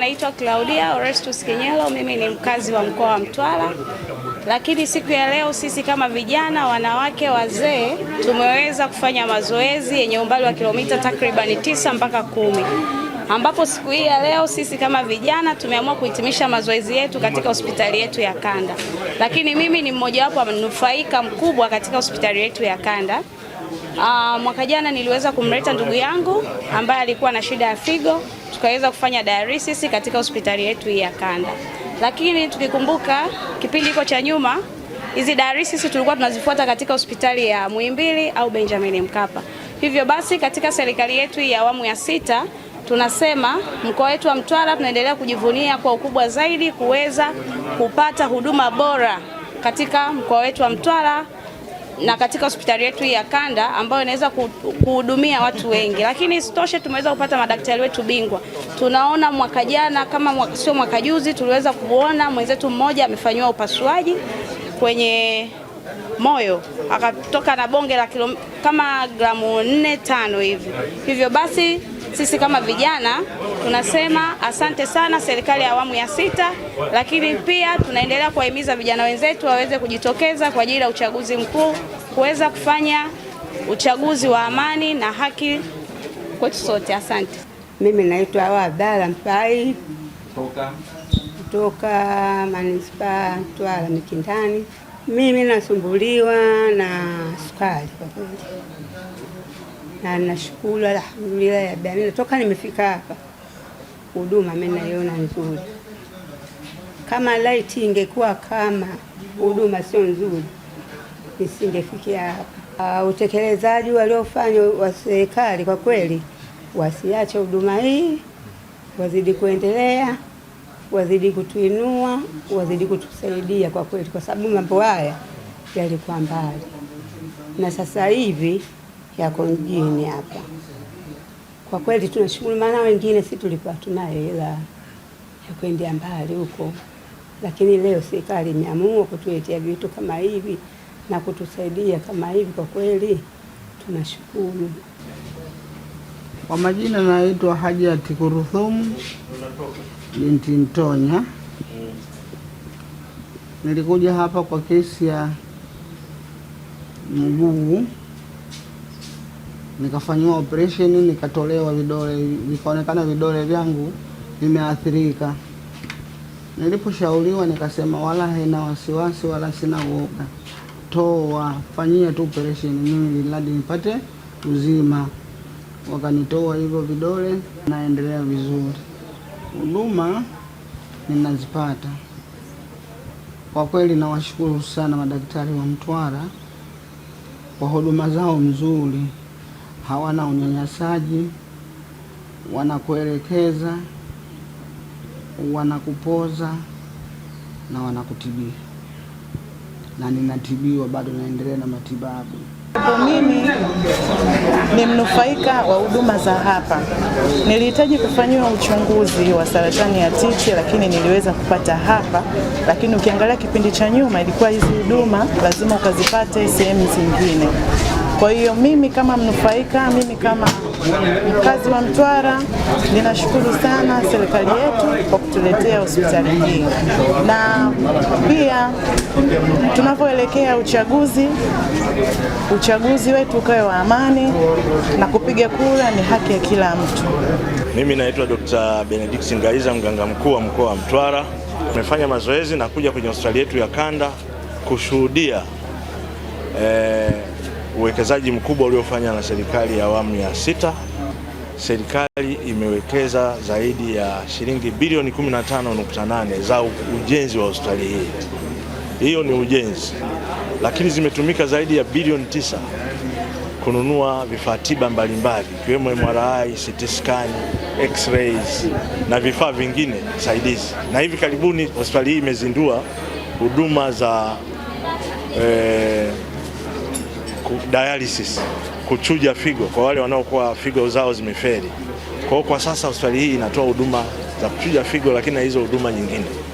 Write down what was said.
Naitwa Claudia Orestus Kinyelo, mimi ni mkazi wa mkoa wa Mtwara, lakini siku ya leo sisi kama vijana, wanawake, wazee tumeweza kufanya mazoezi yenye umbali wa kilomita takribani tisa mpaka kumi ambapo siku hii ya leo sisi kama vijana tumeamua kuhitimisha mazoezi yetu katika hospitali yetu ya kanda, lakini mimi ni mmojawapo mnufaika mkubwa katika hospitali yetu ya kanda. Uh, mwaka jana niliweza kumleta ndugu yangu ambaye alikuwa na shida ya figo tukaweza kufanya dialysis katika hospitali yetu hii ya kanda. Lakini tukikumbuka kipindi hiko cha nyuma, hizi dialysis tulikuwa tunazifuata katika hospitali ya Muhimbili au Benjamin Mkapa. Hivyo basi katika serikali yetu ya awamu ya sita tunasema mkoa wetu wa Mtwara tunaendelea kujivunia kwa ukubwa zaidi kuweza kupata huduma bora katika mkoa wetu wa Mtwara na katika hospitali yetu ya kanda ambayo inaweza kuhudumia watu wengi, lakini isitoshe tumeweza kupata madaktari wetu bingwa. Tunaona mwaka jana kama sio mwaka juzi, tuliweza kuona mwenzetu mmoja amefanyiwa upasuaji kwenye moyo akatoka na bonge la kama gramu nne tano hivi. Hivyo basi sisi kama vijana tunasema asante sana serikali ya awamu ya sita, lakini pia tunaendelea kuwahimiza vijana wenzetu waweze kujitokeza kwa ajili ya uchaguzi mkuu kuweza kufanya uchaguzi wa amani na haki kwetu sote. Asante. Mimi naitwa Abdalla Mpai kutoka manispaa Mtwara Mikindani. Mimi nasumbuliwa na sukari kwa kweli, na nashukuru alhamdulillah ya bani, toka nimefika hapa huduma mimi naiona nzuri. Kama laiti ingekuwa kama huduma sio nzuri, nisingefikia hapa. Uh, utekelezaji waliofanya wa serikali kwa kweli, wasiache huduma hii, wazidi kuendelea wazidi kutuinua, wazidi kutusaidia kwa kweli, kwa sababu mambo haya yalikuwa mbali na sasa hivi yako mjini hapa. Kwa kweli tunashukuru, maana wengine si tulikuwa tunayo hela ya kuendea mbali huko, lakini leo serikali imeamua kutuletea vitu kama hivi na kutusaidia kama hivi, kwa kweli tunashukuru. Kwa majina naitwa Hajati Kuruthumu binti Ntonya. Nilikuja hapa kwa kesi ya mguu, nikafanyiwa operesheni, nikatolewa vidole, vikaonekana vidole vyangu vimeathirika. Niliposhauriwa nikasema, wala haina wasiwasi, wala sina uoga, toa, fanyia tu operesheni mimi, iladi nipate uzima. Wakanitoa hivyo vidole, naendelea vizuri huduma ninazipata. Kwa kweli nawashukuru sana madaktari wa Mtwara kwa huduma zao mzuri, hawana unyanyasaji, wanakuelekeza, wanakupoza na wanakutibia, na ninatibiwa bado, naendelea na matibabu. Kwa mimi ni mnufaika wa huduma za hapa. Nilihitaji kufanyiwa uchunguzi wa saratani ya titi, lakini niliweza kupata hapa. Lakini ukiangalia kipindi cha nyuma, ilikuwa hizi huduma lazima ukazipate sehemu zingine. Kwa hiyo mimi kama mnufaika, mimi kama Mkazi wa Mtwara, ninashukuru sana serikali yetu kwa kutuletea hospitali hii, na pia tunavyoelekea uchaguzi, uchaguzi wetu ukawe wa amani, na kupiga kura ni haki ya kila mtu. Mimi naitwa Dr. Benedict ngaiza mganga mkuu wa mkoa wa Mtwara. Tumefanya mazoezi na kuja kwenye hospitali yetu ya kanda kushuhudia eh, uwekezaji mkubwa uliofanywa na serikali ya awamu ya sita. Serikali imewekeza zaidi ya shilingi bilioni 15.8 za ujenzi wa hospitali hii. Hiyo ni ujenzi, lakini zimetumika zaidi ya bilioni tisa kununua vifaa tiba mbalimbali ikiwemo MRI, CT scan, x-rays na vifaa vingine saidizi. Na hivi karibuni hospitali hii imezindua huduma za eh, dialysis, kuchuja figo kwa wale wanaokuwa figo zao zimeferi. Kwa hiyo kwa sasa hospitali hii inatoa huduma za kuchuja figo, lakini na hizo huduma nyingine